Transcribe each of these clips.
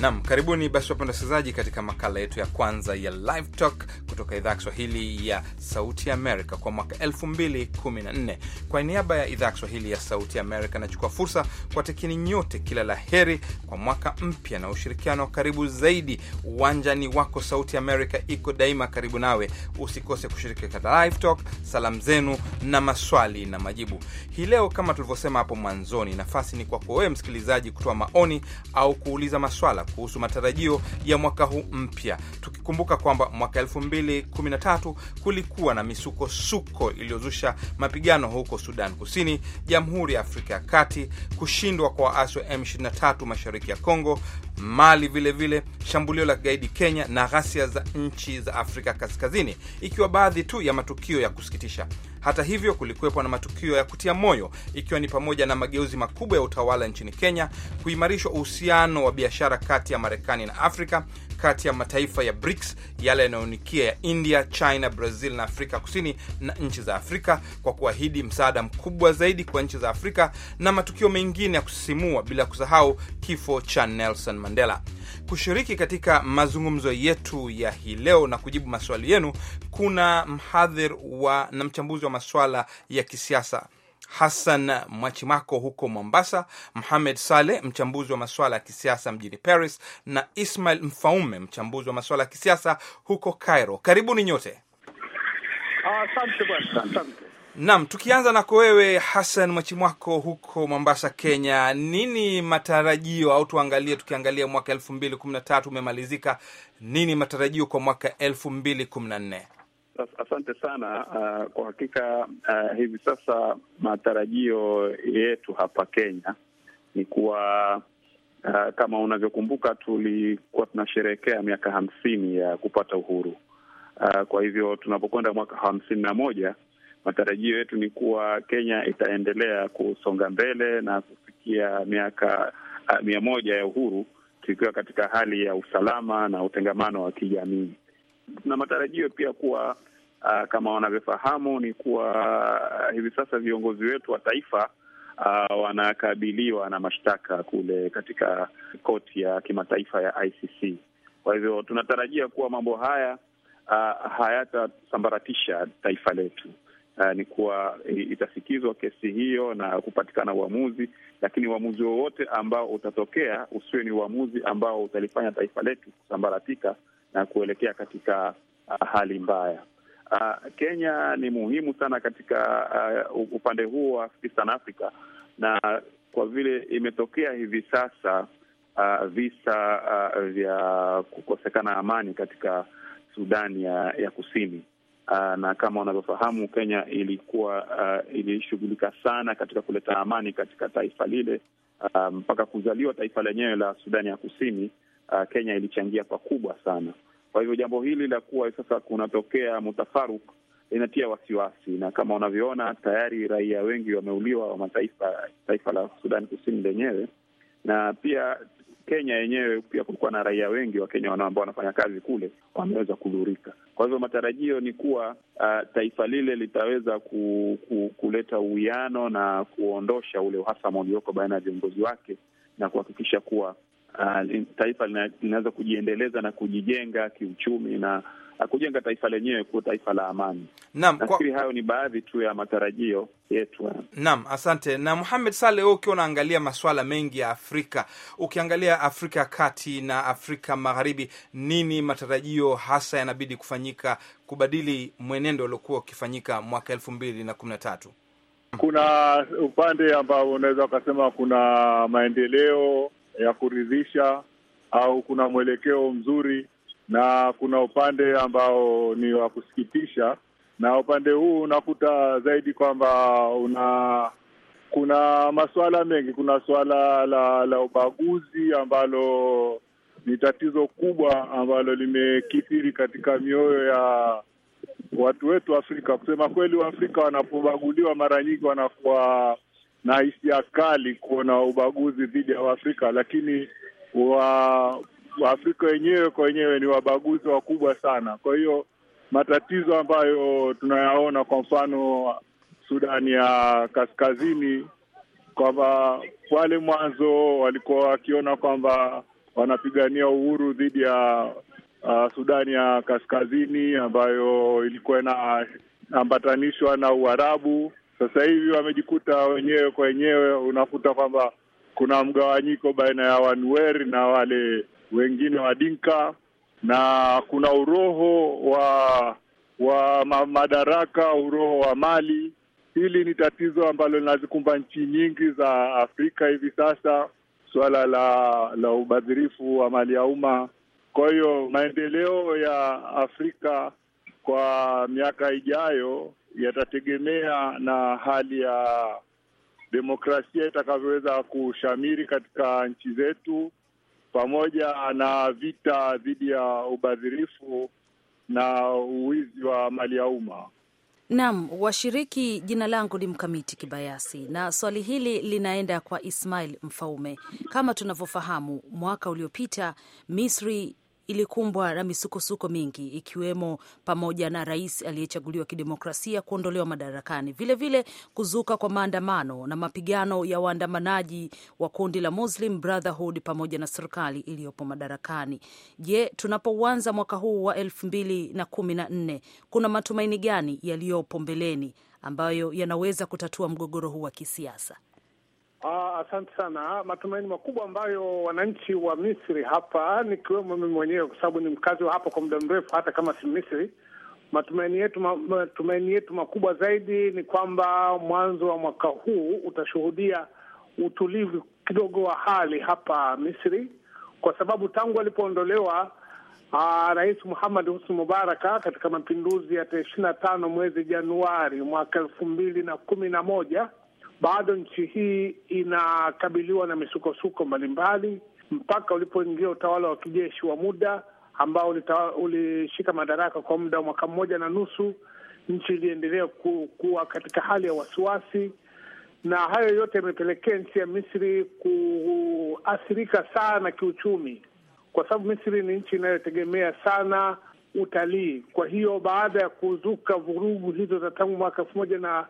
Nam, karibuni basi wapenda wasikilizaji, katika makala yetu ya kwanza ya Live Talk kutoka idhaa ya Kiswahili ya Sauti Amerika kwa mwaka 2014. Kwa niaba ya idhaa ya Kiswahili ya Sauti Amerika nachukua fursa kwa tekini nyote kila la heri kwa mwaka mpya na ushirikiano wa karibu zaidi. Uwanjani wako Sauti Amerika iko daima karibu nawe. Usikose kushiriki katika live talk, salamu zenu na maswali na majibu. Hii leo kama tulivyosema hapo mwanzoni, nafasi ni kwako wewe msikilizaji kutoa maoni au kuuliza maswala kuhusu matarajio ya mwaka huu mpya, tukikumbuka kwamba mwaka elfu mbili 2013 kulikuwa na misukosuko iliyozusha mapigano huko Sudan Kusini, Jamhuri ya Afrika ya Kati, kushindwa kwa waasi wa M23 mashariki ya Kongo, Mali vilevile vile, shambulio la kigaidi Kenya na ghasia za nchi za Afrika Kaskazini, ikiwa baadhi tu ya matukio ya kusikitisha. Hata hivyo, kulikuwepo na matukio ya kutia moyo, ikiwa ni pamoja na mageuzi makubwa ya utawala nchini Kenya, kuimarishwa uhusiano wa biashara kati ya Marekani na Afrika kati ya mataifa ya BRICS yale yanayonikia ya India, China, Brazil na Afrika Kusini na nchi za Afrika kwa kuahidi msaada mkubwa zaidi kwa nchi za Afrika na matukio mengine ya kusisimua, bila kusahau kifo cha Nelson Mandela. Kushiriki katika mazungumzo yetu ya hii leo na kujibu maswali yenu, kuna mhadhiri wa na mchambuzi wa maswala ya kisiasa Hassan Mwachimako huko Mombasa, Mohamed Saleh, mchambuzi wa masuala ya kisiasa mjini Paris, na Ismail Mfaume, mchambuzi wa masuala ya kisiasa huko Cairo. Karibuni nyote. Asante bwana, Naam, tukianza nako wewe Hassan Mwachimwako huko Mombasa, Kenya, nini matarajio au tuangalie, tukiangalia mwaka elfu mbili kumi na tatu umemalizika, nini matarajio kwa mwaka elfu mbili kumi na nne? Asante sana uh, kwa hakika uh, hivi sasa matarajio yetu hapa Kenya ni kuwa uh, kama unavyokumbuka tulikuwa tunasherehekea miaka hamsini ya kupata uhuru uh, kwa hivyo tunapokwenda mwaka hamsini na moja matarajio yetu ni kuwa Kenya itaendelea kusonga mbele na kufikia miaka uh, mia moja ya uhuru tukiwa katika hali ya usalama na utengamano wa kijamii. Tuna matarajio pia kuwa uh, kama wanavyofahamu ni kuwa uh, hivi sasa viongozi wetu wa taifa uh, wanakabiliwa na mashtaka kule katika koti ya kimataifa ya ICC. Kwa hivyo tunatarajia kuwa mambo haya uh, hayatasambaratisha taifa letu. Uh, ni kuwa itasikizwa kesi hiyo na kupatikana uamuzi, lakini uamuzi wowote ambao utatokea usiwe ni uamuzi ambao utalifanya taifa letu kusambaratika na kuelekea katika uh, hali mbaya uh, Kenya ni muhimu sana katika uh, upande huo wa Eastern Africa, na kwa vile imetokea hivi sasa uh, visa uh, vya kukosekana amani katika Sudani ya, ya Kusini. Uh, na kama unavyofahamu Kenya ilikuwa uh, ilishughulika sana katika kuleta amani katika taifa lile mpaka um, kuzaliwa taifa lenyewe la Sudani ya Kusini. Uh, Kenya ilichangia pakubwa sana kwa hivyo jambo hili la kuwa sasa kunatokea mutafaruk inatia wasiwasi, na kama unavyoona tayari raia wengi wameuliwa wa mataifa taifa la Sudan Kusini lenyewe na pia Kenya yenyewe pia kulikuwa na raia wengi wa Kenya ambao wanafanya kazi kule wameweza kudhurika. Kwa hivyo matarajio ni kuwa uh, taifa lile litaweza ku, ku, kuleta uwiano na kuondosha ule uhasama ulioko baina ya viongozi wake na kuhakikisha kuwa uh, taifa linaweza kujiendeleza na kujijenga kiuchumi na kujenga taifa lenyewe kuwa taifa la amani. Naam, kwa... hayo ni baadhi tu ya matarajio yetu. Naam, asante. Na Muhamed Saleh, wewe ukiwa unaangalia masuala mengi ya Afrika, ukiangalia Afrika ya Kati na Afrika Magharibi, nini matarajio hasa yanabidi kufanyika kubadili mwenendo uliokuwa ukifanyika mwaka elfu mbili na kumi na tatu? Kuna upande ambao unaweza ukasema kuna maendeleo ya kuridhisha au kuna mwelekeo mzuri na kuna upande ambao ni wa kusikitisha, na upande huu unakuta zaidi kwamba una kuna masuala mengi. Kuna suala la, la ubaguzi ambalo ni tatizo kubwa ambalo limekithiri katika mioyo ya watu wetu Afrika. Kusema kweli, Waafrika wanapobaguliwa mara nyingi wanakuwa na hisia kali kuona ubaguzi dhidi ya Waafrika, lakini wa Waafrika wenyewe kwa wenyewe ni wabaguzi wakubwa sana. Kwa hiyo matatizo ambayo tunayaona, kwa mfano Sudani ya Kaskazini, kwamba wale mwanzo walikuwa wakiona kwamba wanapigania uhuru dhidi ya uh, Sudani ya Kaskazini ambayo ilikuwa inaambatanishwa na Uarabu sasa hivi wamejikuta wenyewe kwa wenyewe, unakuta kwamba kuna mgawanyiko baina ya Wanueri na wale wengine wa dinka na kuna uroho wa wa madaraka, uroho wa mali. Hili ni tatizo ambalo linazikumba nchi nyingi za Afrika hivi sasa, suala la la ubadhirifu wa mali ya umma. Kwa hiyo maendeleo ya Afrika kwa miaka ijayo yatategemea na hali ya demokrasia itakavyoweza kushamiri katika nchi zetu, pamoja na vita dhidi ya ubadhirifu na uwizi wa mali ya umma. Naam, washiriki, jina langu ni Mkamiti Kibayasi na swali hili linaenda kwa Ismail Mfaume. Kama tunavyofahamu, mwaka uliopita Misri ilikumbwa na misukosuko mingi, ikiwemo pamoja na rais aliyechaguliwa kidemokrasia kuondolewa madarakani, vilevile vile kuzuka kwa maandamano na mapigano ya waandamanaji wa kundi la Muslim Brotherhood pamoja na serikali iliyopo madarakani. Je, tunapouanza mwaka huu wa elfu mbili na kumi na nne kuna matumaini gani yaliyopo mbeleni ambayo yanaweza kutatua mgogoro huu wa kisiasa? Ah, asante sana. Matumaini makubwa ambayo wananchi wa Misri hapa, nikiwemo mimi mwenyewe, kwa sababu ni mkazi wa hapa kwa muda mrefu, hata kama si Misri. Matumaini yetu matumaini yetu makubwa zaidi ni kwamba mwanzo wa mwaka huu utashuhudia utulivu kidogo wa hali hapa Misri, kwa sababu tangu alipoondolewa ah, Rais Muhammad Husni Mubaraka katika mapinduzi ya tarehe ishirini na tano mwezi Januari mwaka elfu mbili na kumi na moja bado nchi hii inakabiliwa na misukosuko mbalimbali mpaka ulipoingia utawala wa kijeshi wa muda ambao ulishika madaraka kwa muda wa mwaka mmoja na nusu. Nchi iliendelea ku, kuwa katika hali ya wasiwasi, na hayo yote yamepelekea nchi ya Misri kuathirika sana kiuchumi, kwa sababu Misri ni nchi inayotegemea sana utalii. Kwa hiyo baada ya kuzuka vurugu hizo za tangu mwaka elfu moja na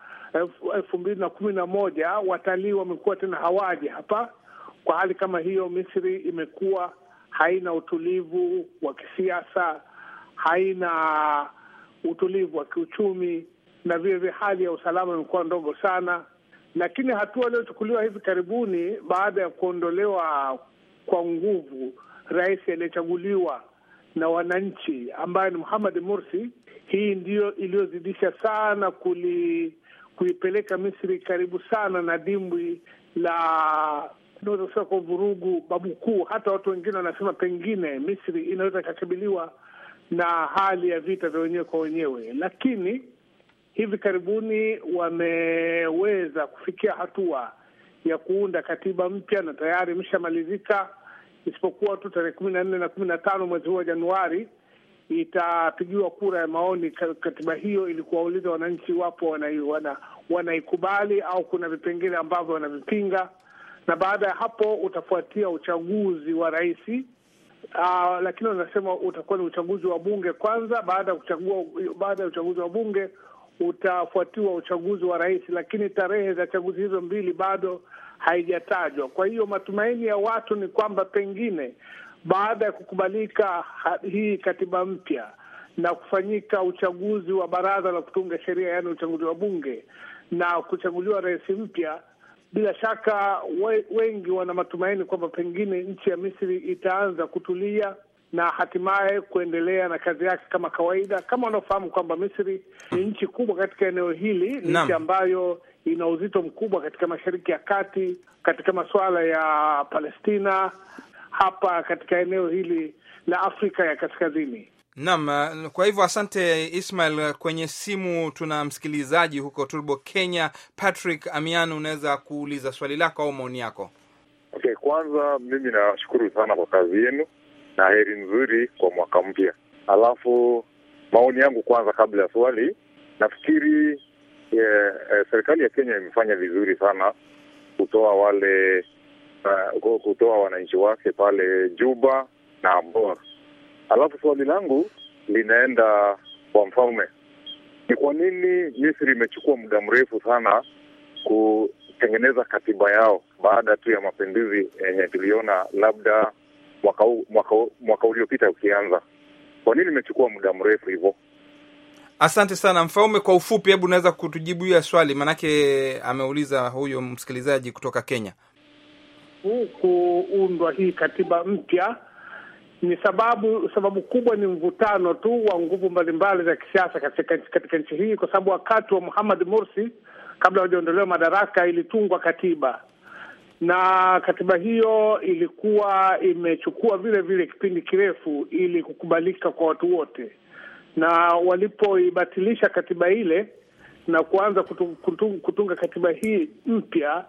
elfu mbili na kumi na moja watalii wamekuwa tena hawaji hapa. Kwa hali kama hiyo, Misri imekuwa haina utulivu wa kisiasa, haina utulivu wa kiuchumi, na vilevile hali ya usalama imekuwa ndogo sana. Lakini hatua iliyochukuliwa hivi karibuni baada ya kuondolewa kwa nguvu rais aliyechaguliwa na wananchi ambaye ni Muhammad Mursi, hii ndiyo iliyozidisha sana kuli kuipeleka Misri karibu sana na dimbwi la unaweza kusema kwa vurugu babu kuu. Hata watu wengine wanasema pengine Misri inaweza ikakabiliwa na hali ya vita vya wenyewe kwa wenyewe, lakini hivi karibuni wameweza kufikia hatua ya kuunda katiba mpya na tayari imeshamalizika, isipokuwa tu tarehe kumi na nne na kumi na tano mwezi huu wa Januari itapigiwa kura ya maoni katiba hiyo, ili kuwauliza wananchi wapo wanaikubali wana, wana au kuna vipengele ambavyo wanavipinga, na baada ya hapo utafuatia uchaguzi wa rais. Uh, lakini wanasema utakuwa ni uchaguzi wa bunge kwanza. Baada ya kuchagua, baada ya uchaguzi wa bunge utafuatiwa uchaguzi wa rais, lakini tarehe za chaguzi hizo mbili bado haijatajwa. Kwa hiyo matumaini ya watu ni kwamba pengine baada ya kukubalika hii katiba mpya na kufanyika uchaguzi wa baraza la kutunga sheria, yaani uchaguzi wa bunge na kuchaguliwa rais mpya, bila shaka we, wengi wana matumaini kwamba pengine nchi ya Misri itaanza kutulia na hatimaye kuendelea na kazi yake kama kawaida, kama wanaofahamu kwamba Misri ni nchi kubwa katika eneo hili, ni nchi ambayo ina uzito mkubwa katika Mashariki ya Kati, katika masuala ya Palestina hapa katika eneo hili la Afrika ya Kaskazini. Naam, eh, kwa hivyo asante Ismail. Kwenye simu tuna msikilizaji huko Turbo, Kenya. Patrick Amian, unaweza kuuliza swali lako au maoni yako? Okay, kwanza mimi nashukuru sana kwa kazi yenu na heri nzuri kwa mwaka mpya. Alafu maoni yangu kwanza, kabla ya swali, nafikiri yeah, eh, serikali ya Kenya imefanya vizuri sana kutoa wale uh, kutoa wananchi wake pale Juba na Ambora. Alafu swali langu linaenda kwa mfalme, ni kwa nini Misri imechukua muda mrefu sana kutengeneza katiba yao baada tu ya mapinduzi eh, yenye tuliona labda mwaka, mwaka, mwaka uliopita ukianza? Kwa nini imechukua muda mrefu hivyo? Asante sana mfalme. Kwa ufupi, hebu unaweza kutujibu hiyo swali, maanake ameuliza huyo msikilizaji kutoka Kenya tangu kuundwa hii katiba mpya ni sababu sababu kubwa ni mvutano tu wa nguvu mbalimbali za kisiasa katika, katika nchi hii, kwa sababu wakati wa Muhammad Mursi, kabla hajaondolewa madaraka, ilitungwa katiba na katiba hiyo ilikuwa imechukua vile vile kipindi kirefu ili kukubalika kwa watu wote, na walipoibatilisha katiba ile na kuanza kutunga, kutunga katiba hii mpya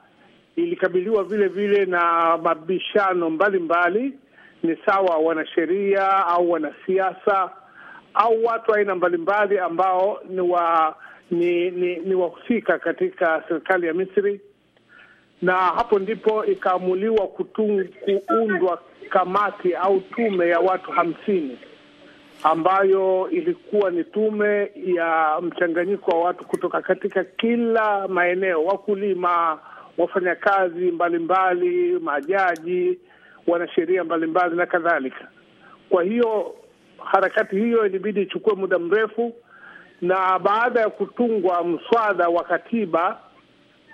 ilikabiliwa vile vile na mabishano mbalimbali, ni sawa wanasheria au wanasiasa au watu aina mbalimbali ambao ni wa ni ni, ni wahusika katika serikali ya Misri, na hapo ndipo ikaamuliwa kuundwa kamati au tume ya watu hamsini ambayo ilikuwa ni tume ya mchanganyiko wa watu kutoka katika kila maeneo, wakulima wafanyakazi mbalimbali, majaji, wanasheria mbalimbali na kadhalika. Kwa hiyo harakati hiyo ilibidi ichukue muda mrefu, na baada ya kutungwa mswada wa katiba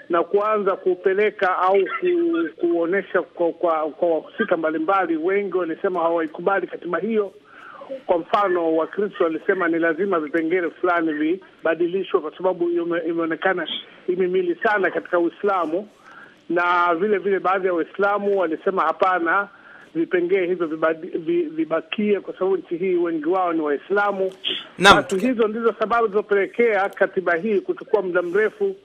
na kuanza kuupeleka au ku, kuonyesha kwa wahusika kwa, mbalimbali, wengi walisema hawaikubali katiba hiyo kwa mfano, Wakristo walisema ni lazima vipengele fulani vibadilishwe, kwa sababu imeonekana imimili sana katika Uislamu, na vile vile baadhi ya Waislamu walisema hapana, vipengee hivyo vibakie kwa sababu nchi hii wengi wao ni Waislamu. Basi hizo ndizo sababu zilizopelekea katiba hii kuchukua muda mrefu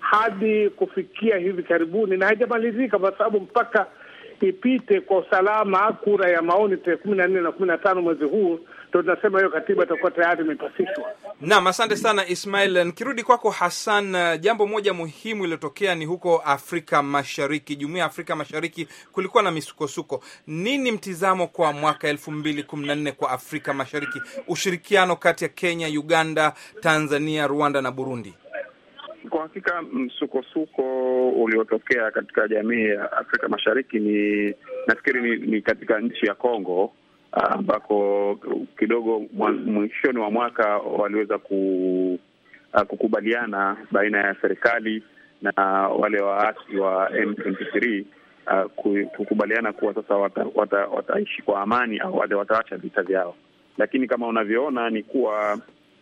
hadi kufikia hivi karibuni, na haijamalizika kwa sababu mpaka ipite kwa usalama kura ya maoni tarehe kumi na nne na kumi na tano mwezi huu, ndo tunasema hiyo katiba itakuwa tayari imepasishwa. Naam, asante sana Ismail. Nikirudi kwako Hassan, uh, jambo moja muhimu iliyotokea ni huko Afrika Mashariki, jumuiya ya Afrika Mashariki, kulikuwa na misukosuko. Nini mtizamo kwa mwaka elfu mbili kumi na nne kwa Afrika Mashariki, ushirikiano kati ya Kenya, Uganda, Tanzania, Rwanda na Burundi? Kwa hakika msukosuko uliotokea katika jamii ya Afrika Mashariki ni nafikiri ni, ni katika nchi ya Kongo ambako uh, kidogo mwishoni mwa mwaka waliweza ku, uh, kukubaliana baina ya serikali na wale waasi wa M23 uh, kukubaliana kuwa sasa wataishi wata, wata kwa amani au wale wataacha vita vyao, lakini kama unavyoona ni kuwa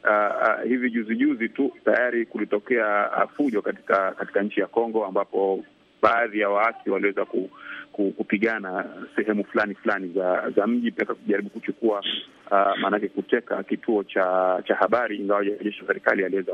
uh, uh, hivi juzi juzi tu tayari kulitokea ah, fujo katika katika nchi ya Kongo ambapo baadhi ya waasi waliweza ku, ku, kupigana sehemu fulani fulani za za mji mpaka kujaribu kuchukua uh, maanake kuteka kituo cha cha habari, ingawa jeshi la serikali aliweza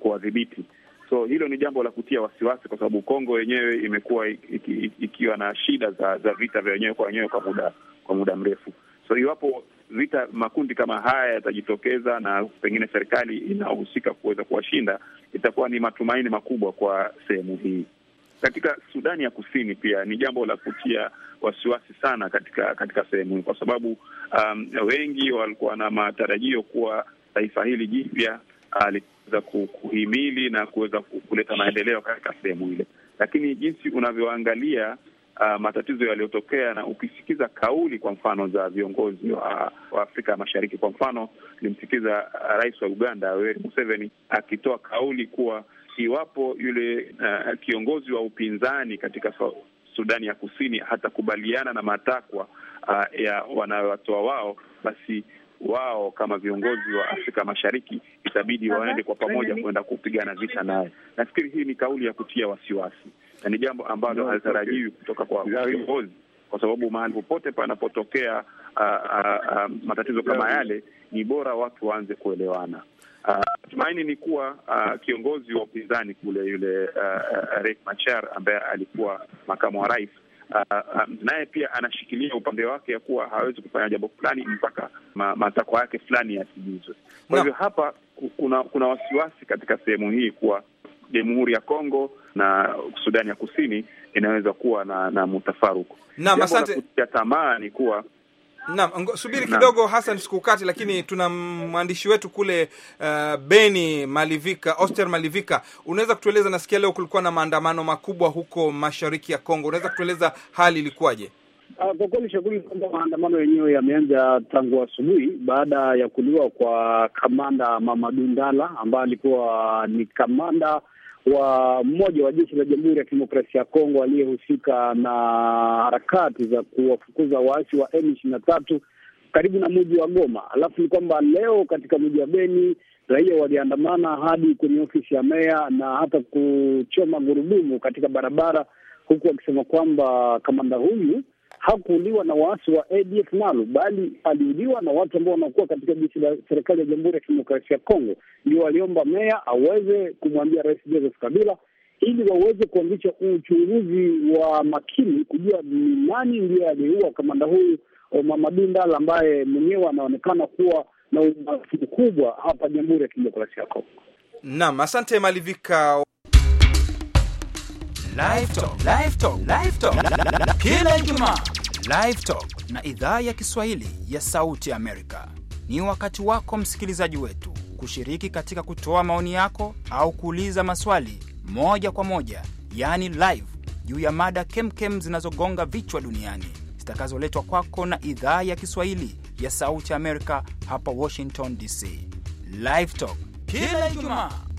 kuwadhibiti. So hilo ni jambo la kutia wasiwasi, kwa sababu Kongo yenyewe imekuwa ikiwa na shida za za vita vya wenyewe kwa wenyewe kwa muda kwa muda mrefu. So iwapo vita makundi kama haya yatajitokeza, na pengine serikali inahusika kuweza kuwashinda itakuwa ni matumaini makubwa kwa sehemu hii. Katika Sudani ya Kusini pia ni jambo la kutia wasiwasi sana katika katika sehemu hii, kwa sababu um, wengi walikuwa na matarajio kuwa taifa hili jipya aliweza uh, kuhimili na kuweza kuleta maendeleo katika sehemu ile, lakini jinsi unavyoangalia uh, matatizo yaliyotokea, na ukisikiza kauli kwa mfano za viongozi wa, wa Afrika Mashariki, kwa mfano ilimsikiza ah, rais wa Uganda Yoweri Museveni akitoa kauli kuwa iwapo yule uh, kiongozi wa upinzani katika Sudani ya Kusini hatakubaliana na matakwa uh, ya wanawatoa wao, basi wao kama viongozi wa Afrika Mashariki itabidi waende kwa pamoja kwenda kupigana vita naye. Nafikiri hii ni kauli ya kutia wasiwasi na ni jambo ambalo halitarajiwi kutoka kwa viongozi, kwa sababu mahali popote panapotokea matatizo kama yale, ni bora watu waanze kuelewana. Tumaini ni kuwa kiongozi wa upinzani kule, yule Riek Machar ambaye alikuwa makamu wa rais Uh, um, naye pia anashikilia upande wake ya kuwa hawezi kufanya jambo fulani mpaka ma, matakwa yake fulani yatimizwe. Kwa hivyo no. Hapa kuna kuna wasiwasi katika sehemu hii kuwa Jamhuri ya Kongo na Sudani ya Kusini inaweza kuwa na na mutafaruku. Naam, asante. Tamaa ni kuwa Naam, subiri kidogo Hassan, sikukati, lakini tuna mwandishi wetu kule uh, Beni Malivika, Oster Malivika, unaweza kutueleza, nasikia leo kulikuwa na maandamano makubwa huko mashariki ya Kongo, unaweza kutueleza hali ilikuwaje? Ah, kwa kweli shughuli kwamba maandamano yenyewe yameanza tangu asubuhi baada ya kuliwa kwa kamanda Mamadu Ndala ambaye alikuwa ni kamanda wa mmoja wa jeshi la Jamhuri ya Kidemokrasia ya Kongo aliyehusika na harakati za kuwafukuza waasi wa M ishirini na tatu karibu na mji wa Goma. Alafu ni kwamba leo katika mji wa Beni raia waliandamana hadi kwenye ofisi ya meya na hata kuchoma gurudumu katika barabara, huku wakisema kwamba kamanda huyu hakuuliwa na waasi wa ADF nalo, bali aliuliwa na watu ambao wanakuwa katika jeshi la serikali ya Jamhuri ya Kidemokrasia ya Kongo. Ndio waliomba meya aweze kumwambia Rais Joseph Kabila ili waweze kuanzisha uchunguzi wa makini kujua ni nani ndiye aliyeua kamanda huyu Mamadu Ndala ambaye mwenyewe anaonekana kuwa na umaarufu mkubwa hapa Jamhuri ya Kidemokrasia ya Kongo. Naam, asante Malivika kila Ijumaa. na idhaa ya Kiswahili ya Sauti Amerika. Ni wakati wako msikilizaji wetu kushiriki katika kutoa maoni yako au kuuliza maswali moja kwa moja, yaani live, juu ya mada kemkem zinazogonga vichwa duniani zitakazoletwa kwako na idhaa ya Kiswahili ya Sauti Amerika hapa Washington DC. livetok kila Ijumaa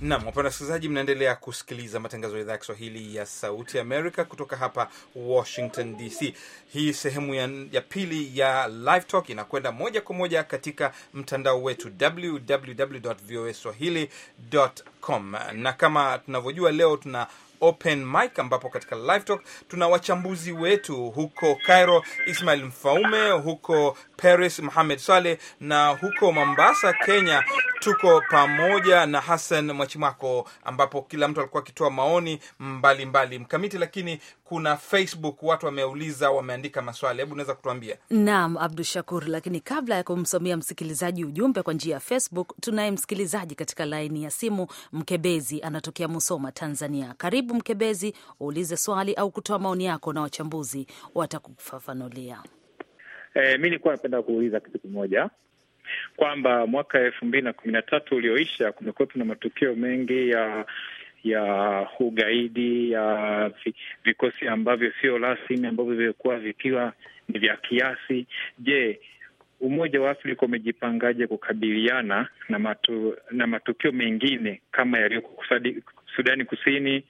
Nam, wapenda wasikilizaji, mnaendelea kusikiliza matangazo ya idhaa ya Kiswahili ya Sauti Amerika kutoka hapa Washington DC. Hii sehemu ya, ya pili ya Live Talk inakwenda moja kwa moja katika mtandao wetu www voa swahilicom na kama tunavyojua leo tuna open mic ambapo katika live talk tuna wachambuzi wetu huko Cairo, Ismail Mfaume, huko Paris Mohamed Saleh, na huko Mombasa, Kenya tuko pamoja na Hassan Mwachimako, ambapo kila mtu alikuwa akitoa maoni mbalimbali mbali. Mkamiti, lakini kuna Facebook watu wameuliza, wameandika maswali, hebu unaweza kutuambia? Naam, Abdu Shakur, lakini kabla ya kumsomea msikilizaji ujumbe kwa njia ya Facebook, tunaye msikilizaji katika laini ya simu. Mkebezi anatokea Musoma, Tanzania. Karibu Mkebezi, uulize swali au kutoa maoni yako na wachambuzi watakufafanulia. E, mi nilikuwa napenda kuuliza kitu kimoja kwamba mwaka elfu mbili na kumi na tatu ulioisha kumekuwepo na matukio mengi ya ya ugaidi ya vikosi ambavyo sio rasmi ambavyo vimekuwa vikiwa ni vya kiasi. Je, Umoja wa Afrika umejipangaje kukabiliana na matu, na matukio mengine kama yaliyoko Sudani Kusini,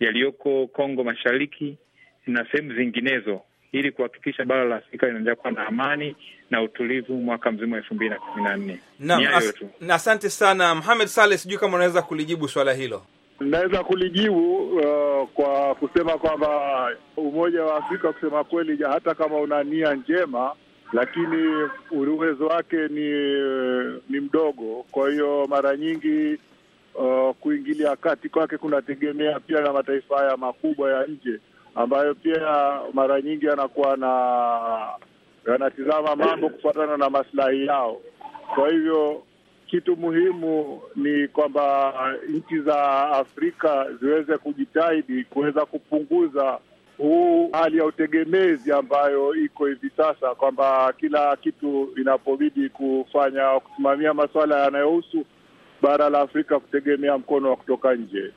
yaliyoko Kongo Mashariki na sehemu zinginezo ili kuhakikisha bara la Afrika linaendelea kuwa na amani na utulivu mwaka mzima wa elfu mbili na kumi na nne. Na asante sana Mohamed Saleh, sijui kama unaweza kulijibu swala hilo. Naweza kulijibu uh, kwa kusema kwamba Umoja wa Afrika kusema kweli, hata kama una nia njema, lakini uwezo wake ni uh, ni mdogo. Kwa hiyo mara nyingi uh, kuingilia kati kwake kunategemea pia na mataifa haya makubwa ya nje ambayo pia mara nyingi yanakuwa na yanatizama mambo kufuatana na masilahi yao. Kwa hivyo kitu muhimu ni kwamba nchi za Afrika ziweze kujitahidi kuweza kupunguza huu hali ya utegemezi ambayo iko hivi sasa, kwamba kila kitu inapobidi kufanya kusimamia masuala yanayohusu bara la Afrika kutegemea mkono wa kutoka nje.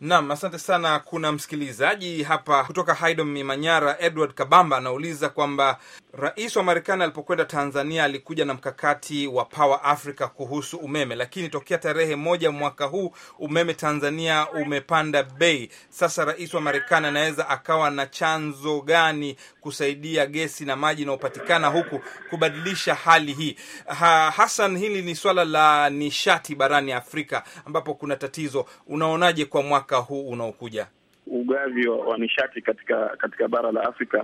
Naam, asante sana. Kuna msikilizaji hapa kutoka Haydom Manyara, Edward Kabamba anauliza kwamba rais wa Marekani alipokwenda Tanzania alikuja na mkakati wa Power Africa kuhusu umeme, lakini tokea tarehe moja mwaka huu umeme Tanzania umepanda bei. Sasa rais wa Marekani anaweza akawa na chanzo gani kusaidia gesi na maji inayopatikana huku kubadilisha hali hii? Ha, Hassan, hili ni swala la nishati barani Afrika ambapo kuna tatizo. Unaonaje kwa mwaka mwaka huu unaokuja? Ugavi wa, wa nishati katika katika bara la Afrika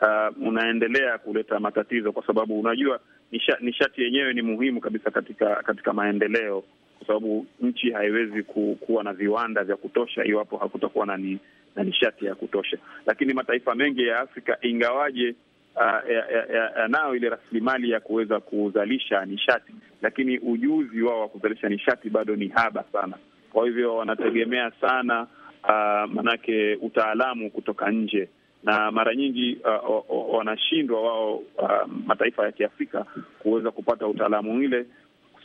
uh, unaendelea kuleta matatizo, kwa sababu unajua nisha, nishati yenyewe ni muhimu kabisa katika katika maendeleo, kwa sababu nchi haiwezi ku, kuwa na viwanda vya kutosha iwapo hakutakuwa na, ni, na nishati ya kutosha. Lakini mataifa mengi ya Afrika ingawaje yanayo uh, ile rasilimali ya kuweza kuzalisha nishati, lakini ujuzi wao wa kuzalisha nishati bado ni haba sana. Kwa hivyo wanategemea sana uh, manake utaalamu kutoka nje na mara nyingi uh, wanashindwa wao uh, mataifa ya Kiafrika kuweza kupata utaalamu ile,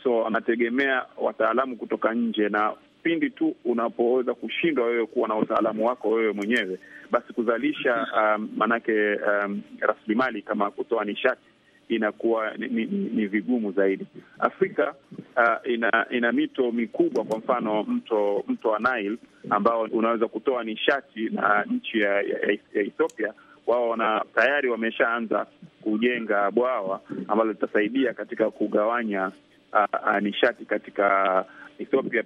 so wanategemea wataalamu kutoka nje, na pindi tu unapoweza kushindwa wewe kuwa na utaalamu wako wewe mwenyewe, basi kuzalisha um, manake um, rasilimali kama kutoa nishati inakuwa ni, ni, ni vigumu zaidi. Afrika uh, ina ina mito mikubwa, kwa mfano mto mto wa Nile ambao unaweza kutoa nishati na nchi ya, ya, ya Ethiopia wao wana tayari wameshaanza kujenga bwawa ambalo litasaidia katika kugawanya uh, uh, nishati katika Ethiopia,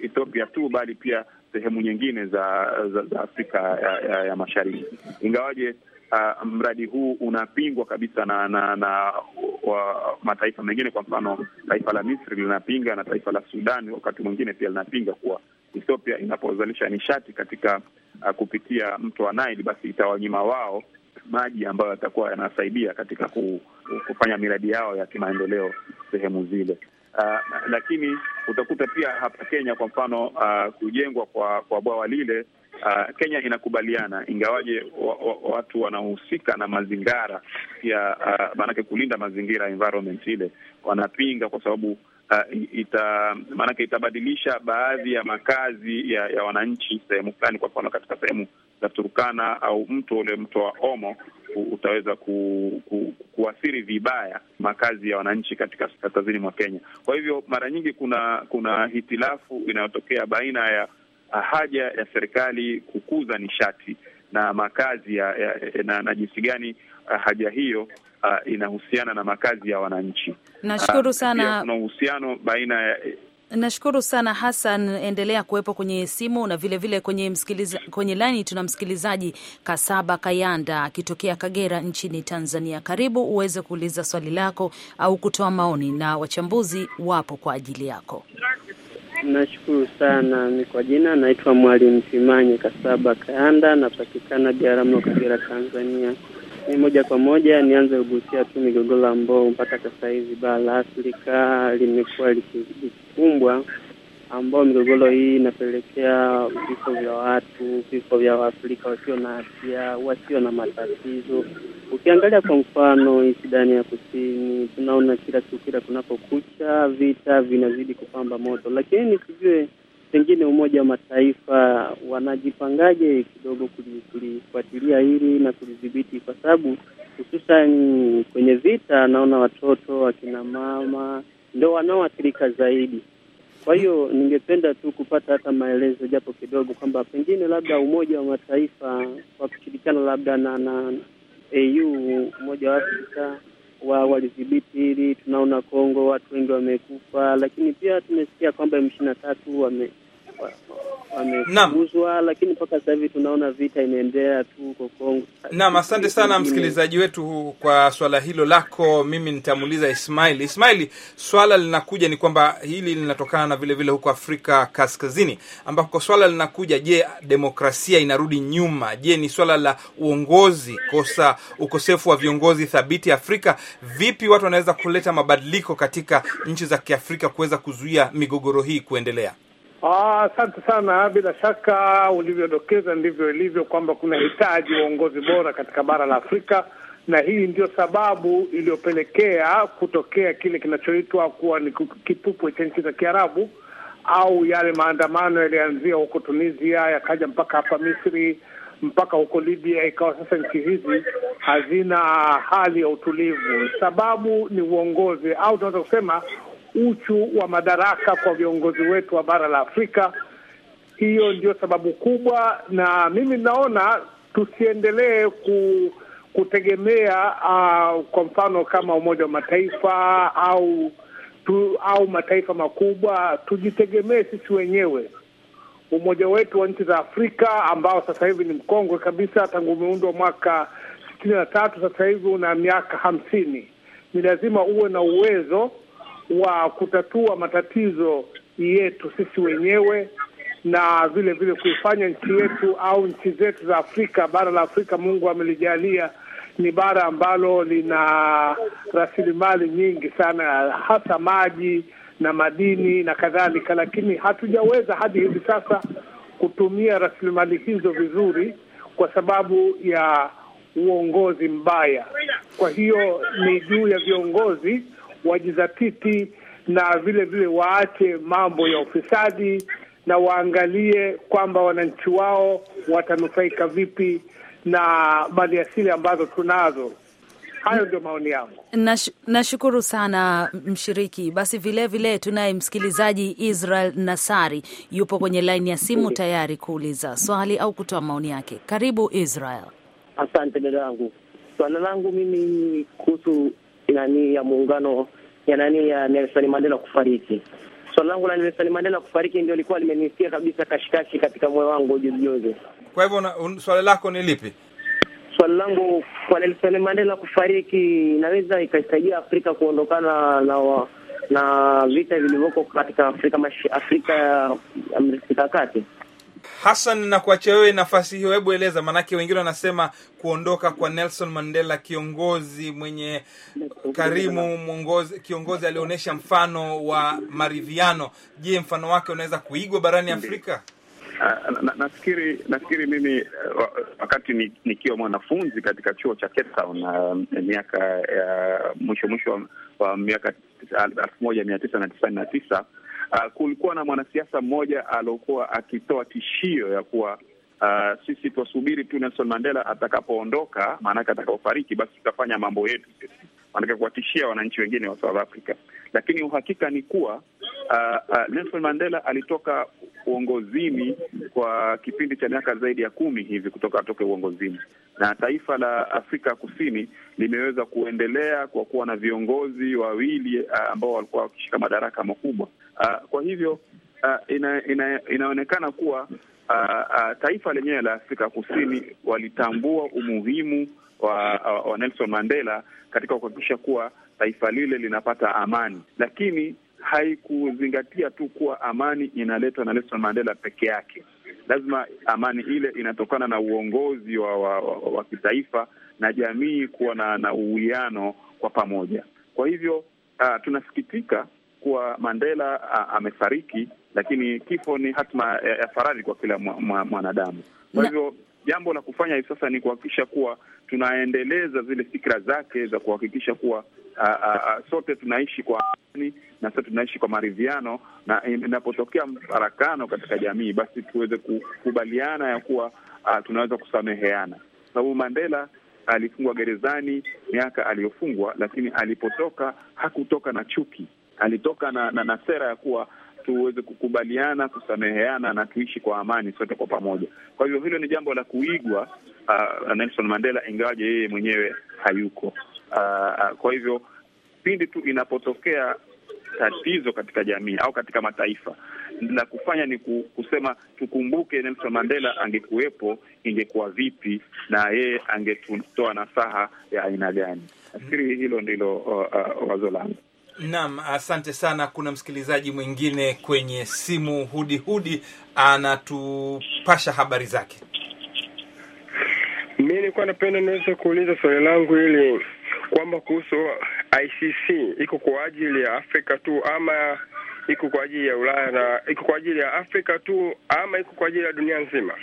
Ethiopia tu bali pia sehemu nyingine za, za, za Afrika ya, ya, ya Mashariki ingawaje uh, mradi huu unapingwa kabisa na na, na uh, wa, mataifa mengine. Kwa mfano taifa la Misri linapinga na taifa la Sudan wakati mwingine pia linapinga kuwa Ethiopia inapozalisha nishati katika uh, kupitia mto wa Nile, basi itawanyima wao maji ambayo yatakuwa yanasaidia katika ku, kufanya miradi yao ya kimaendeleo sehemu zile. Uh, lakini utakuta pia hapa Kenya kwa mfano uh, kujengwa kwa kwa bwawa lile uh, Kenya inakubaliana ingawaje wa, wa, watu wanaohusika na mazingara ya uh, maanake kulinda mazingira environment ile wanapinga kwa sababu Uh, ita maanake itabadilisha baadhi ya makazi ya, ya wananchi sehemu fulani. Kwa mfano katika sehemu za Turkana au mto ule mto wa Omo utaweza ku, ku, kuathiri vibaya makazi ya wananchi katika kaskazini mwa Kenya. Kwa hivyo mara nyingi kuna kuna hitilafu inayotokea baina ya haja ya serikali kukuza nishati na makazi ya, ya, na, na jinsi gani haja hiyo Uh, inahusiana na makazi ya wananchi. Nashukuru sana. Kuna uhusiano baina ya Nashukuru sana Hassan, endelea kuwepo kwenye simu na vilevile vile kwenye msikiliza, kwenye laini tuna msikilizaji Kasaba Kayanda akitokea Kagera nchini Tanzania. Karibu uweze kuuliza swali lako au kutoa maoni, na wachambuzi wapo kwa ajili yako. Nashukuru sana. Ni kwa jina naitwa Mwalimu Simanye Kasaba Kaanda, napatikana Biaramlo, Kagera, Tanzania. Ni moja kwa moja nianze kugusia tu migogoro ambao mpaka sasa hivi bara la Afrika limekuwa likikumbwa, ambao migogoro hii inapelekea vifo vya watu, vifo vya Waafrika wasio na hatia, wasio na matatizo Ukiangalia kwa mfano Sudani ya Kusini, tunaona kila kukila kunapokucha vita vinazidi kupamba moto, lakini sijue pengine Umoja wa Mataifa wanajipangaje kidogo kulifuatilia hili na kulidhibiti, kwa sababu hususani kwenye vita naona watoto, akina mama ndio wanaoathirika zaidi. Kwa hiyo ningependa tu kupata hata maelezo japo kidogo, kwamba pengine labda Umoja wa Mataifa kwa kushirikiana labda na, na AU, Umoja wa Afrika wao walidhibiti hili. Tunaona Kongo watu wengi wamekufa, lakini pia tumesikia kwamba M ishirini na tatu wame wamefunguzwa, lakini mpaka sasa hivi tunaona vita inaendelea tu huko Kongo. Naam, asante sana msikilizaji wetu kwa swala hilo lako. Mimi nitamuuliza Ismaili. Ismaili, swala linakuja ni kwamba hili linatokana na vile vile huko Afrika Kaskazini ambako swala linakuja, je, demokrasia inarudi nyuma? Je, ni swala la uongozi, kosa ukosefu wa viongozi thabiti Afrika? Vipi watu wanaweza kuleta mabadiliko katika nchi za Kiafrika kuweza kuzuia migogoro hii kuendelea? Ah, asante ah, sana. Bila shaka ulivyodokeza ndivyo ilivyo kwamba kuna hitaji uongozi bora katika bara la Afrika, na hii ndio sababu iliyopelekea kutokea kile kinachoitwa kuwa ni kipupwe cha nchi za Kiarabu au yale maandamano yalianzia huko Tunisia yakaja mpaka hapa Misri mpaka huko Libya, ikawa sasa nchi hizi hazina hali ya utulivu. Sababu ni uongozi, au tunaweza kusema uchu wa madaraka kwa viongozi wetu wa bara la Afrika. Hiyo ndio sababu kubwa, na mimi naona tusiendelee ku kutegemea uh, kwa mfano kama Umoja wa Mataifa au tu, au mataifa makubwa, tujitegemee sisi wenyewe. Umoja wetu wa nchi za Afrika ambao sasa hivi ni mkongwe kabisa, tangu umeundwa mwaka sitini na tatu, sasa hivi una miaka hamsini, ni lazima uwe na uwezo wa kutatua matatizo yetu sisi wenyewe na vile vile kuifanya nchi yetu au nchi zetu za Afrika, bara la Afrika, Mungu amelijalia ni bara ambalo lina rasilimali nyingi sana, hasa maji na madini na kadhalika, lakini hatujaweza hadi hivi sasa kutumia rasilimali hizo vizuri kwa sababu ya uongozi mbaya. Kwa hiyo ni juu ya viongozi wajizatiti na vile vile waache mambo ya ufisadi na waangalie kwamba wananchi wao watanufaika vipi na maliasili ambazo tunazo. Hayo ndio maoni yangu. Nashukuru nashukuru sana mshiriki. Basi vilevile tunaye msikilizaji Israel Nasari, yupo kwenye laini ya simu tayari kuuliza swali au kutoa maoni yake. Karibu Israel. Asante dada yangu, swala langu mimi kuhusu nani ya muungano ya nani ya Nelson Mandela kufariki. Swala so, langu la Nelson Mandela kufariki ndio likuwa limenisikia kabisa kashikashi katika moyo wangu juzi juzi. Kwa hivyo swali lako ni lipi? Swali langu kwa Nelson Mandela kufariki, inaweza ikasaidia Afrika kuondokana na wa, na vita vilivyoko katika Afrika mash, Afrika ya Amerika ya kati. Hassan, na kuachia wewe nafasi hiyo, hebu eleza, maanake wengine wanasema kuondoka kwa Nelson Mandela, kiongozi mwenye karimu, mwongozi, kiongozi alionyesha mfano wa maridhiano. Je, mfano wake unaweza kuigwa barani Afrika? Nafikiri ah, na, na nafikiri mimi wakati ni, nikiwa mwanafunzi katika chuo cha Cape Town uh, miaka ya uh, mwisho mwisho wa, wa miaka elfu moja mia tisa na tisini na tisa Uh, kulikuwa na mwanasiasa mmoja aliokuwa akitoa tishio ya kuwa Uh, sisi twasubiri tu Nelson Mandela atakapoondoka, maanake atakapofariki, basi tutafanya mambo yetu sisi, maanake kuwatishia wananchi wengine wa South Africa. Lakini uhakika ni kuwa uh, uh, Nelson Mandela alitoka uongozini kwa kipindi cha miaka zaidi ya kumi hivi kutoka atoke uongozini, na taifa la Afrika Kusini limeweza kuendelea kwa kuwa na viongozi wawili uh, ambao walikuwa wakishika madaraka makubwa uh, kwa hivyo uh, ina, ina, inaonekana kuwa a, ah, ah, taifa lenyewe la Afrika Kusini walitambua umuhimu wa, wa Nelson Mandela katika kuhakikisha kuwa taifa lile linapata amani, lakini haikuzingatia tu kuwa amani inaletwa na Nelson Mandela peke yake. Lazima amani ile inatokana na uongozi wa, wa, wa, wa kitaifa na jamii kuwa na, na uwiano kwa pamoja. Kwa hivyo uh, tunasikitika kuwa Mandela uh, amefariki lakini kifo ni hatima ya, ya faradhi kwa kila mwanadamu mwa, kwa hivyo jambo la kufanya hivi sasa ni kuhakikisha kuwa tunaendeleza zile fikra zake za kuhakikisha kuwa a, a, a, sote tunaishi kwa amani na sote tunaishi kwa maridhiano, na inapotokea mfarakano katika jamii, basi tuweze kukubaliana ya kuwa a, tunaweza kusameheana, sababu Mandela alifungwa gerezani miaka aliyofungwa, lakini alipotoka hakutoka na chuki, alitoka na, na, na sera ya kuwa tuweze kukubaliana, kusameheana na tuishi kwa amani sote kwa pamoja. Kwa hivyo hilo ni jambo la kuigwa uh, Nelson Mandela, ingawaje yeye mwenyewe hayuko uh, uh kwa hivyo pindi tu inapotokea tatizo katika jamii au katika mataifa, la kufanya ni kusema tukumbuke Nelson Mandela angekuwepo, ingekuwa vipi na yeye angetutoa nasaha ya aina gani? Nafikiri hilo ndilo uh, uh, wazo langu. Naam, asante sana. Kuna msikilizaji mwingine kwenye simu, hudi hudi, anatupasha habari zake. Mi nilikuwa napenda niweze kuuliza swali langu ili kwamba kuhusu ICC iko kwa ajili ya Afrika tu ama iko kwa ajili ya Ulaya na iko kwa ajili ya Afrika tu ama iko kwa ajili ya dunia nzima?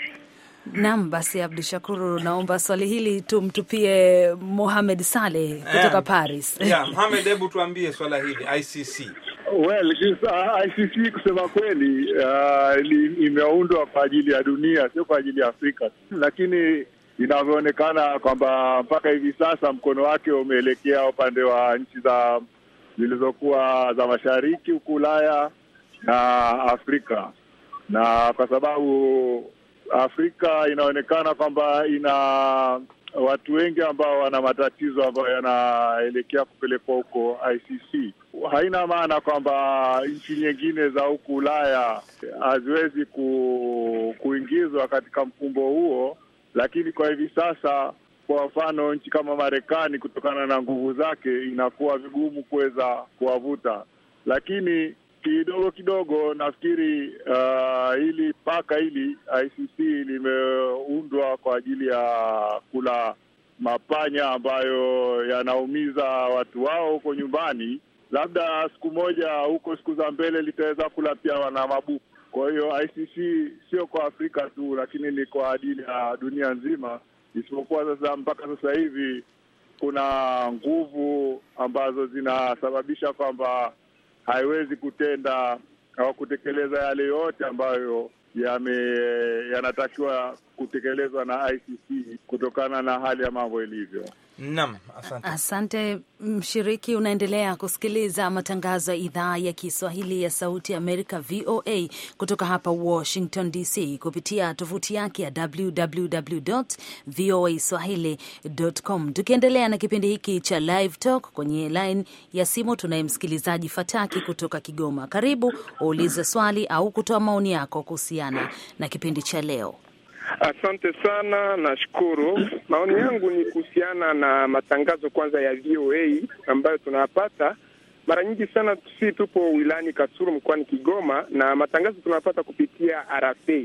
Naam, basi Abdu Shakuru, naomba swali hili tumtupie Mohamed Saleh kutoka eh, Paris. Yeah, Mohamed, hebu tuambie swala hili ICC. Well, uh, ICC kusema kweli, uh, imeundwa kwa ajili ya dunia, sio kwa ajili ya Afrika, lakini inavyoonekana kwamba mpaka hivi sasa mkono wake umeelekea upande wa nchi za zilizokuwa za mashariki huku Ulaya na Afrika, na kwa sababu Afrika inaonekana kwamba ina watu wengi ambao wana matatizo ambayo yanaelekea kupelekwa huko ICC. Haina maana kwamba nchi nyingine za huku Ulaya haziwezi ku, kuingizwa katika mfumbo huo, lakini kwa hivi sasa, kwa mfano, nchi kama Marekani kutokana na nguvu zake inakuwa vigumu kuweza kuwavuta, lakini kidogo kidogo nafikiri uh, hili paka hili ICC limeundwa kwa ajili ya kula mapanya ambayo yanaumiza watu wao huko nyumbani. Labda siku moja huko siku za mbele litaweza kula pia wana mabuku. Kwa hiyo ICC sio kwa Afrika tu, lakini ni kwa ajili ya dunia nzima, isipokuwa sasa mpaka sasa hivi kuna nguvu ambazo zinasababisha kwamba haiwezi kutenda au kutekeleza yale yote ambayo yame eh, yanatakiwa kutekelezwa na ICC kutokana na hali ya mambo ilivyo. Naam, asante. Asante mshiriki, unaendelea kusikiliza matangazo ya idhaa ya Kiswahili ya Sauti ya Amerika, VOA, kutoka hapa Washington DC, kupitia tovuti yake ya www voa swahili.com. Tukiendelea na kipindi hiki cha Live Talk, kwenye line ya simu tunaye msikilizaji Fataki kutoka Kigoma. Karibu uulize swali au kutoa maoni yako kuhusiana na kipindi cha leo. Asante sana, nashukuru. Maoni yangu ni kuhusiana na matangazo kwanza ya VOA ambayo tunayapata mara nyingi sana. Si tupo wilani kasuru mkoani Kigoma, na matangazo tunayapata kupitia RFA.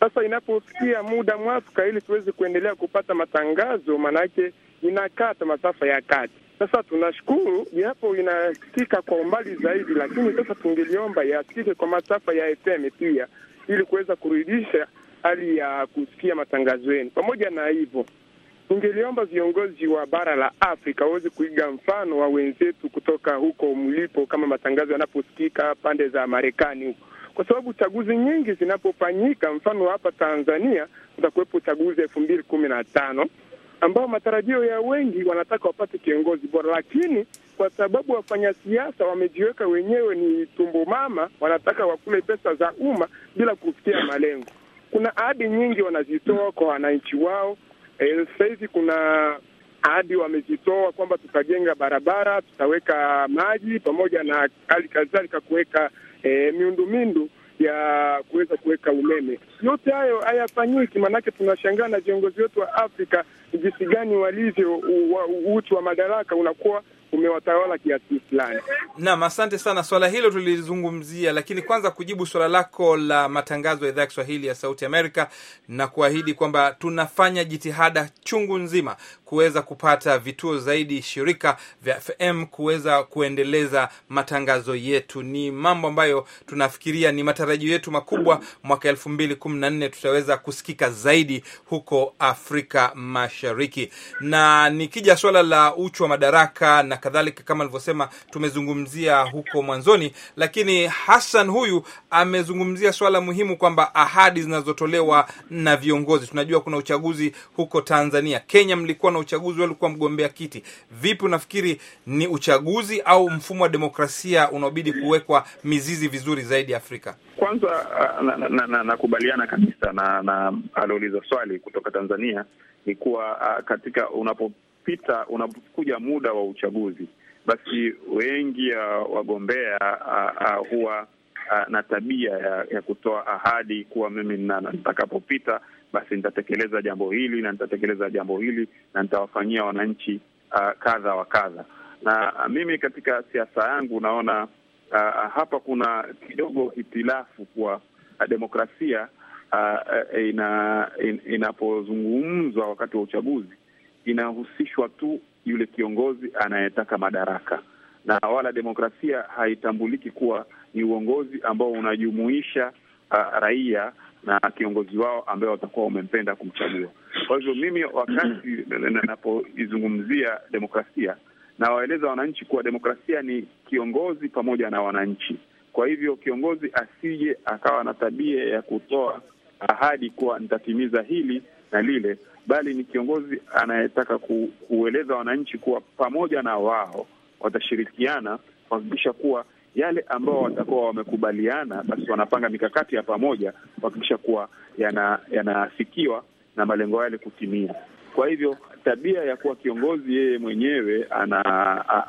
Sasa inapofikia muda mwafaka ili tuweze kuendelea kupata matangazo, maanake inakata masafa ya kati. Sasa tunashukuru japo inasikika kwa umbali zaidi, lakini sasa tungeliomba yasikike kwa masafa ya FM pia ili kuweza kurudisha hali ya kusikia matangazo yenu. Pamoja na hivyo, ningeliomba viongozi wa bara la Afrika waweze kuiga mfano wa wenzetu kutoka huko mlipo, kama matangazo yanaposikika pande za Marekani huko, kwa sababu chaguzi nyingi zinapofanyika, mfano hapa Tanzania utakuwepo uchaguzi elfu mbili kumi na tano ambao matarajio ya wengi wanataka wapate kiongozi bora, lakini kwa sababu wafanya siasa wamejiweka wenyewe ni tumbo mama, wanataka wakule pesa za umma bila kufikia malengo kuna ahadi nyingi wanazitoa kwa wananchi wao. E, sasa kuna ahadi wamezitoa kwamba tutajenga barabara, tutaweka maji pamoja na hali kadhalika kuweka e, miundombinu ya kuweza kuweka umeme. Yote hayo hayafanyiki, maanake tunashangaa na viongozi wetu wa Afrika jinsi gani walivyo, uchu wa madaraka unakuwa umewatawala kiasi fulani. Naam, asante sana. Swala hilo tulizungumzia lakini kwanza kujibu swala lako la matangazo ya idhaa ya Kiswahili ya Sauti Amerika, na kuahidi kwamba tunafanya jitihada chungu nzima kuweza kupata vituo zaidi shirika vya FM kuweza kuendeleza matangazo yetu. Ni mambo ambayo tunafikiria, ni matarajio yetu makubwa, mwaka elfu mbili kumi na nne tutaweza kusikika zaidi huko Afrika Mashariki. Na nikija swala la uchu wa madaraka na kadhalika, kama alivyosema tumezungumzia huko mwanzoni. Lakini Hassan huyu amezungumzia swala muhimu kwamba ahadi zinazotolewa na viongozi, tunajua kuna uchaguzi huko Tanzania, Kenya mlikuwa na uchaguzi, walikuwa mgombea kiti. Vipi unafikiri ni uchaguzi au mfumo wa demokrasia unaobidi kuwekwa mizizi vizuri zaidi Afrika? Kwanza nakubaliana uh, na, na, na kabisa na, na aliuliza swali kutoka Tanzania ni kuwa uh, katika unapo unapopita unapokuja muda wa uchaguzi, basi wengi ya wagombea uh, uh, huwa uh, na tabia ya, ya kutoa ahadi kuwa mimi nitakapopita basi nitatekeleza jambo hili na nitatekeleza jambo hili na nitawafanyia wananchi kadha wa kadha. Na mimi katika siasa yangu naona uh, hapa kuna kidogo hitilafu kwa demokrasia Uh, inapozungumzwa wakati wa uchaguzi inahusishwa tu yule kiongozi anayetaka madaraka, na wala demokrasia haitambuliki kuwa ni uongozi ambao unajumuisha uh, raia na kiongozi wao ambaye watakuwa wamempenda kumchagua. Kwa hivyo mimi, wakati mm-hmm. ninapoizungumzia demokrasia, nawaeleza wananchi kuwa demokrasia ni kiongozi pamoja na wananchi. Kwa hivyo kiongozi asije akawa na tabia ya kutoa ahadi kuwa nitatimiza hili na lile, bali ni kiongozi anayetaka ku, kueleza wananchi kuwa pamoja na wao watashirikiana kuhakikisha kuwa yale ambao watakuwa wamekubaliana, basi wanapanga mikakati ya pamoja kuhakikisha kuwa yanafikiwa yana na malengo yale kutimia. Kwa hivyo tabia ya kuwa kiongozi yeye mwenyewe ana,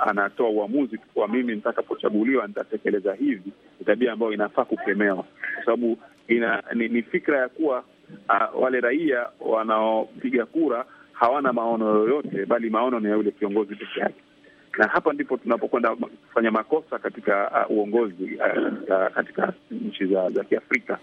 anatoa uamuzi kuwa mimi nitakapochaguliwa nitatekeleza hivi, ni tabia ambayo inafaa kukemewa, kwa sababu ina, ni, ni fikra ya kuwa uh, wale raia wanaopiga kura hawana maono yoyote, bali maono ni ya yule kiongozi peke yake, na hapa ndipo tunapokwenda kufanya makosa katika uh, uongozi uh, katika nchi za, za Kiafrika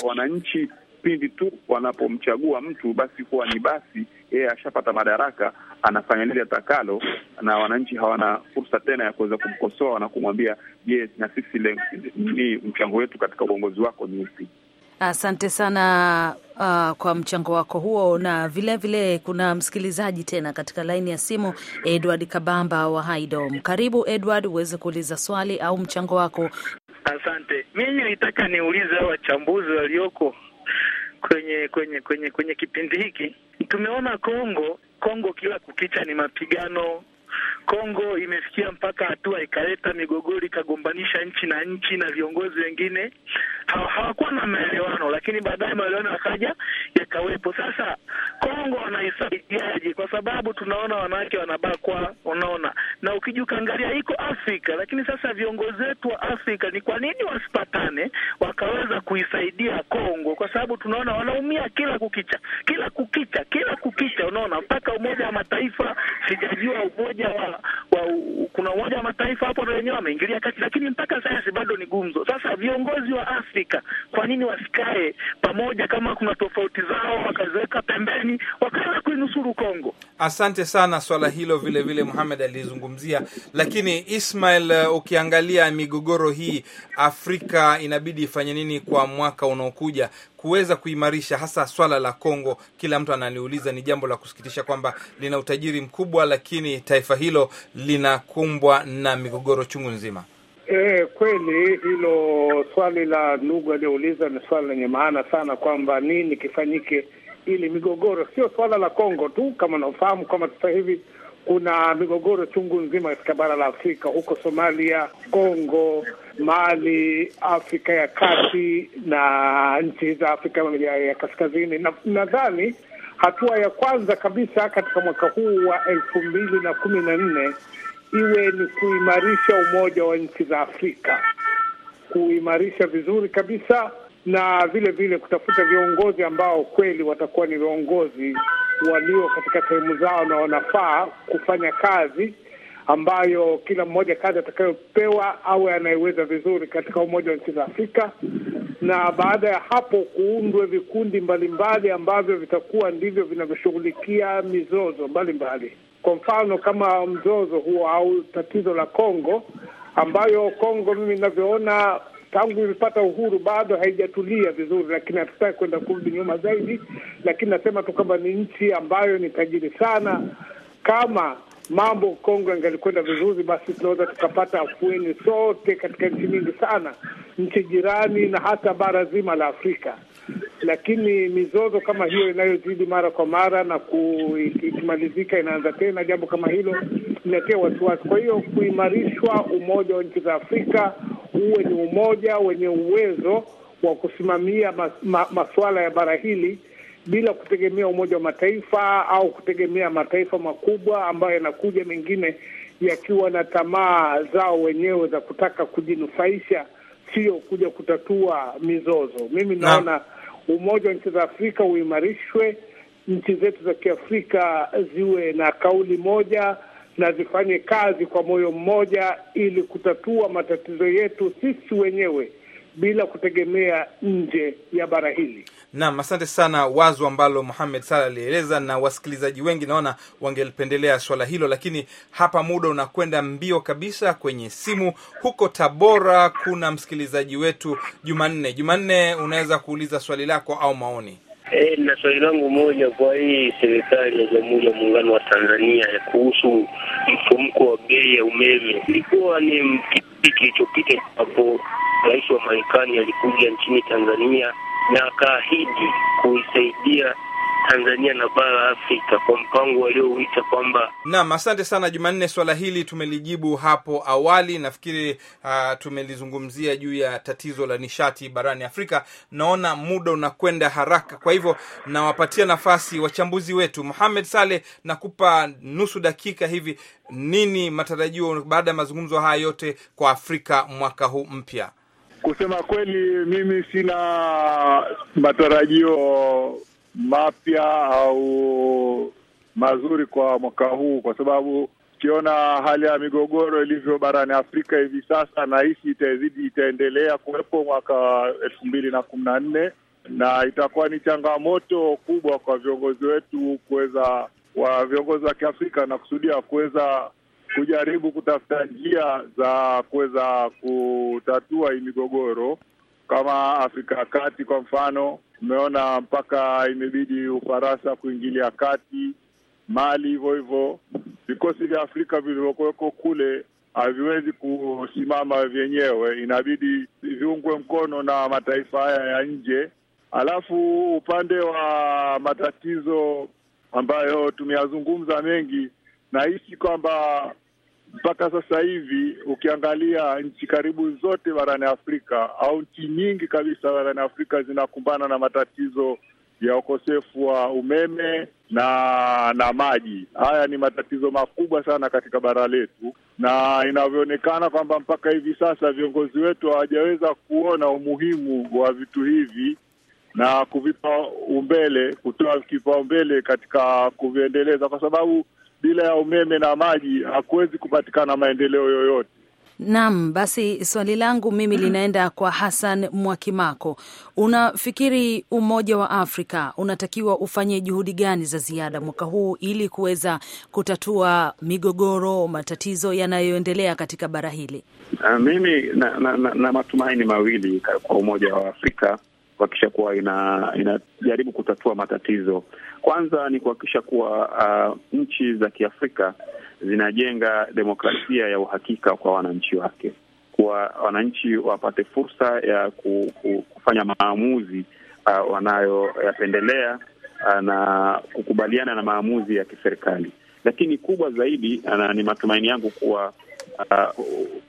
kwa wananchi pindi tu wanapomchagua mtu basi kuwa ni basi, yeye ashapata madaraka, anafanya lile atakalo, na wananchi hawana fursa tena ya kuweza kumkosoa na kumwambia je, na sisi ni mchango wetu katika uongozi wako ni upi? Asante sana uh, kwa mchango wako huo, na vilevile vile kuna msikilizaji tena katika laini ya simu, Edward Kabamba wa Haidom. Karibu Edward uweze kuuliza swali au mchango wako. Asante, mimi nitaka niulize wachambuzi walioko kwenye kwenye kwenye kwenye kipindi hiki. Tumeona Kongo Kongo, kila kukicha ni mapigano Kongo imefikia mpaka hatua ikaleta migogoro ikagombanisha nchi na nchi, na viongozi wengine hawakuwa na maelewano, lakini baadaye maelewano yakaja yakawepo. Sasa Kongo wanaisaidiaje? Kwa sababu tunaona wanawake wanabakwa, unaona, na ukija ukaangalia iko Afrika, lakini sasa viongozi wetu wa Afrika ni kwa nini wasipatane wakaweza kuisaidia Kongo? Kwa sababu tunaona wanaumia kila kukicha, kila kukicha, kila kukicha, unaona mpaka Umoja wa Mataifa, sijajua umoja pia wa, wa, kuna Umoja wa Mataifa hapo na wenyewe wameingilia kati, lakini mpaka sasa bado ni gumzo. Sasa viongozi wa Afrika kwa nini wasikae pamoja? Kama kuna tofauti zao wakaziweka pembeni, wakaanza kuinusuru Kongo. Asante sana, swala hilo vile vile Muhamed alizungumzia, lakini Ismail, eh, ukiangalia migogoro hii Afrika inabidi ifanye nini kwa mwaka unaokuja kuweza kuimarisha hasa swala la Kongo? Kila mtu analiuliza ni jambo la kusikitisha kwamba lina utajiri mkubwa, lakini taifa hilo linakumbwa na migogoro chungu nzima. E, kweli hilo swali la ndugu aliyouliza ni swali lenye maana sana, kwamba nini kifanyike ili migogoro sio suala la Kongo tu, kama unaofahamu kwamba sasa hivi kuna migogoro chungu nzima katika bara la Afrika, huko Somalia, Kongo, Mali, Afrika ya kati na nchi za Afrika ya, ya kaskazini. Nadhani na hatua ya kwanza kabisa katika mwaka huu wa elfu mbili na kumi na nne iwe ni kuimarisha umoja wa nchi za Afrika, kuimarisha vizuri kabisa na vile vile kutafuta viongozi ambao kweli watakuwa ni viongozi walio katika sehemu zao na wanafaa kufanya kazi ambayo kila mmoja kazi atakayopewa awe anaiweza vizuri katika Umoja wa Nchi za Afrika. Na baada ya hapo kuundwe vikundi mbalimbali ambavyo vitakuwa ndivyo vinavyoshughulikia mizozo mbalimbali, kwa mfano kama mzozo huo au tatizo la Kongo, ambayo Kongo mimi ninavyoona tangu imepata uhuru bado haijatulia vizuri, lakini hatutaki kwenda kurudi nyuma zaidi. Lakini nasema tu kwamba ni nchi ambayo ni tajiri sana. Kama mambo Kongo angalikwenda vizuri, basi tunaweza tukapata afueni sote katika nchi nyingi sana, nchi jirani na hata bara zima la Afrika. Lakini mizozo kama hiyo inayozidi mara kwa mara na ikimalizika inaanza tena, jambo kama hilo inatia wasiwasi. Kwa hiyo kuimarishwa umoja wa nchi za Afrika huu wenye umoja wenye uwezo wa kusimamia ma, masuala ya bara hili bila kutegemea Umoja wa Mataifa au kutegemea mataifa makubwa ambayo yanakuja mengine yakiwa na tamaa zao wenyewe za kutaka kujinufaisha, sio kuja kutatua mizozo. Mimi naona na umoja wa nchi za Afrika uimarishwe, nchi zetu za Kiafrika ziwe na kauli moja na zifanye kazi kwa moyo mmoja ili kutatua matatizo yetu sisi wenyewe bila kutegemea nje ya bara hili. Naam, asante sana, wazo ambalo muhamed Salah alieleza, na wasikilizaji wengi naona wangelipendelea swala hilo, lakini hapa muda unakwenda mbio kabisa. Kwenye simu huko Tabora kuna msikilizaji wetu Jumanne. Jumanne, unaweza kuuliza swali lako au maoni. Hey, eh, na swali langu moja kwa hii serikali ya Jamhuri ya Muungano wa Tanzania kuhusu mfumko wa bei ya umeme, ilikuwa ni kipi kilichopita hapo rais wa Marekani alikuja nchini Tanzania na akaahidi kuisaidia Tanzania na bara la Afrika kwa mpango waliouita kwamba. Naam, asante sana Jumanne, swala hili tumelijibu hapo awali. Nafikiri uh, tumelizungumzia juu ya tatizo la nishati barani Afrika. Naona muda unakwenda haraka, kwa hivyo nawapatia nafasi wachambuzi wetu. Mohamed Saleh, nakupa nusu dakika hivi. Nini matarajio baada ya mazungumzo haya yote kwa Afrika mwaka huu mpya? Kusema kweli, mimi sina matarajio mapya au mazuri kwa mwaka huu, kwa sababu ukiona hali ya migogoro ilivyo barani Afrika hivi sasa, na hisi itazidi itaendelea kuwepo mwaka elfu mbili na kumi na nne na itakuwa ni changamoto kubwa kwa viongozi wetu kuweza wa viongozi wa Kiafrika na kusudia kuweza kujaribu kutafuta njia za kuweza kutatua hii migogoro, kama Afrika ya Kati kwa mfano Tumeona mpaka imebidi Ufaransa kuingilia kati, Mali hivyo hivyo. Vikosi vya Afrika vilivyokuweko kule haviwezi kusimama vyenyewe, inabidi viungwe mkono na mataifa haya ya nje. Alafu upande wa matatizo ambayo tumeyazungumza mengi, nahisi kwamba mpaka sasa hivi ukiangalia nchi karibu zote barani Afrika au nchi nyingi kabisa barani Afrika zinakumbana na matatizo ya ukosefu wa umeme na na maji. Haya ni matatizo makubwa sana katika bara letu, na inavyoonekana kwamba mpaka hivi sasa viongozi wetu hawajaweza kuona umuhimu wa vitu hivi na kuvipa umbele, kutoa kipaumbele katika kuviendeleza, kwa sababu bila ya umeme na maji hakuwezi kupatikana maendeleo yoyote. Naam, basi swali langu mimi linaenda kwa Hassan Mwakimako. Unafikiri Umoja wa Afrika unatakiwa ufanye juhudi gani za ziada mwaka huu ili kuweza kutatua migogoro, matatizo yanayoendelea katika bara hili? Na, mimi na, na, na, na matumaini mawili kwa Umoja wa Afrika kuhakikisha kuwa ina inajaribu kutatua matatizo kwanza ni kuhakikisha kuwa uh, nchi za Kiafrika zinajenga demokrasia ya uhakika kwa wananchi wake, kuwa wananchi wapate fursa ya kufanya maamuzi uh, wanayoyapendelea uh, na kukubaliana na maamuzi ya kiserikali. Lakini kubwa zaidi, uh, ni matumaini yangu kuwa uh,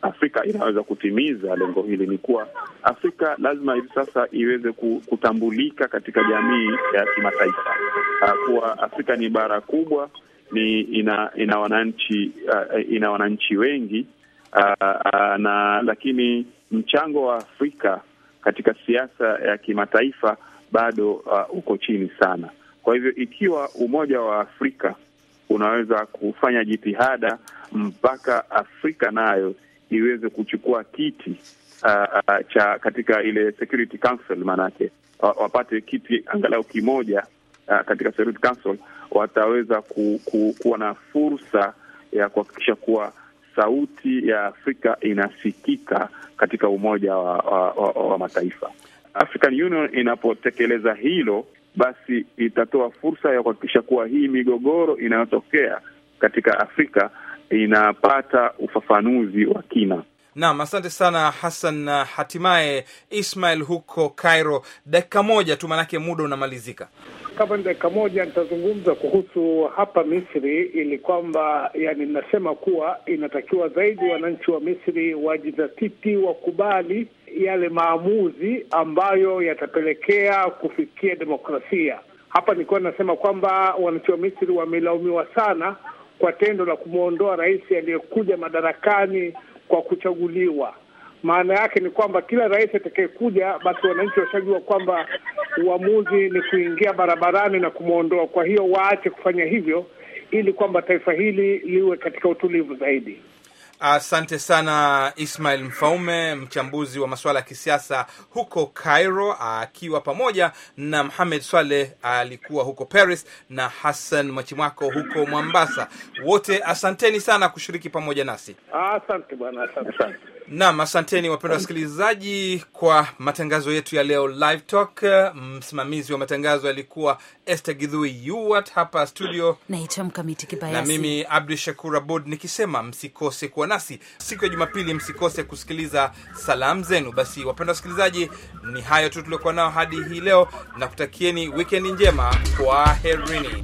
Afrika inaweza kutimiza lengo hili ni kuwa Afrika lazima hivi sasa iweze kutambulika katika jamii ya kimataifa uh, kuwa Afrika ni bara kubwa, ni ina ina wananchi uh, ina wananchi wengi uh, uh, na lakini mchango wa Afrika katika siasa ya kimataifa bado uh, uko chini sana. Kwa hivyo ikiwa Umoja wa Afrika unaweza kufanya jitihada mpaka Afrika nayo iweze kuchukua kiti uh, uh, cha katika ile Security Council, maanake wapate kiti angalau kimoja uh, katika Security Council, wataweza ku, ku, kuwa na fursa ya kuhakikisha kuwa sauti ya Afrika inasikika katika Umoja wa, wa, wa, wa Mataifa. African Union inapotekeleza hilo basi itatoa fursa ya kuhakikisha kuwa hii migogoro inayotokea katika Afrika inapata ufafanuzi wa kina. Naam, asante sana Hassan, hatimaye Ismail huko Cairo, dakika moja tu, maanake muda unamalizika. Kama ni dakika moja, nitazungumza kuhusu hapa Misri, ili kwamba yani, nasema kuwa inatakiwa zaidi wananchi wa Misri wajizatiti, wakubali yale maamuzi ambayo yatapelekea kufikia demokrasia. Hapa nilikuwa nasema kwamba wananchi wa Misri wamelaumiwa sana kwa tendo la kumwondoa rais aliyekuja madarakani kwa kuchaguliwa. Maana yake ni kwamba kila rais atakayekuja, basi wananchi washajua kwamba uamuzi ni kuingia barabarani na kumwondoa. Kwa hiyo waache kufanya hivyo, ili kwamba taifa hili liwe katika utulivu zaidi. Asante sana Ismail Mfaume, mchambuzi wa masuala ya kisiasa huko Cairo, akiwa pamoja na muhamed Swaleh alikuwa huko Paris na Hassan Mwachimwako huko Mombasa. Wote asanteni sana kushiriki pamoja nasi. Asante bwana, asante sana nam asanteni wapendwa wasikilizaji kwa matangazo yetu ya leo Live Talk. Msimamizi wa matangazo alikuwa este Gidhui Yuwat, hapa studio naitwa Mkamiti Kibayasi, na mimi Abdu Shakur Abud nikisema msikose kuwa nasi siku ya Jumapili, msikose kusikiliza salamu zenu. Basi wapendwa wasikilizaji, ni hayo tu tuliokuwa nao hadi hii leo, na kutakieni wikendi njema. kwa herini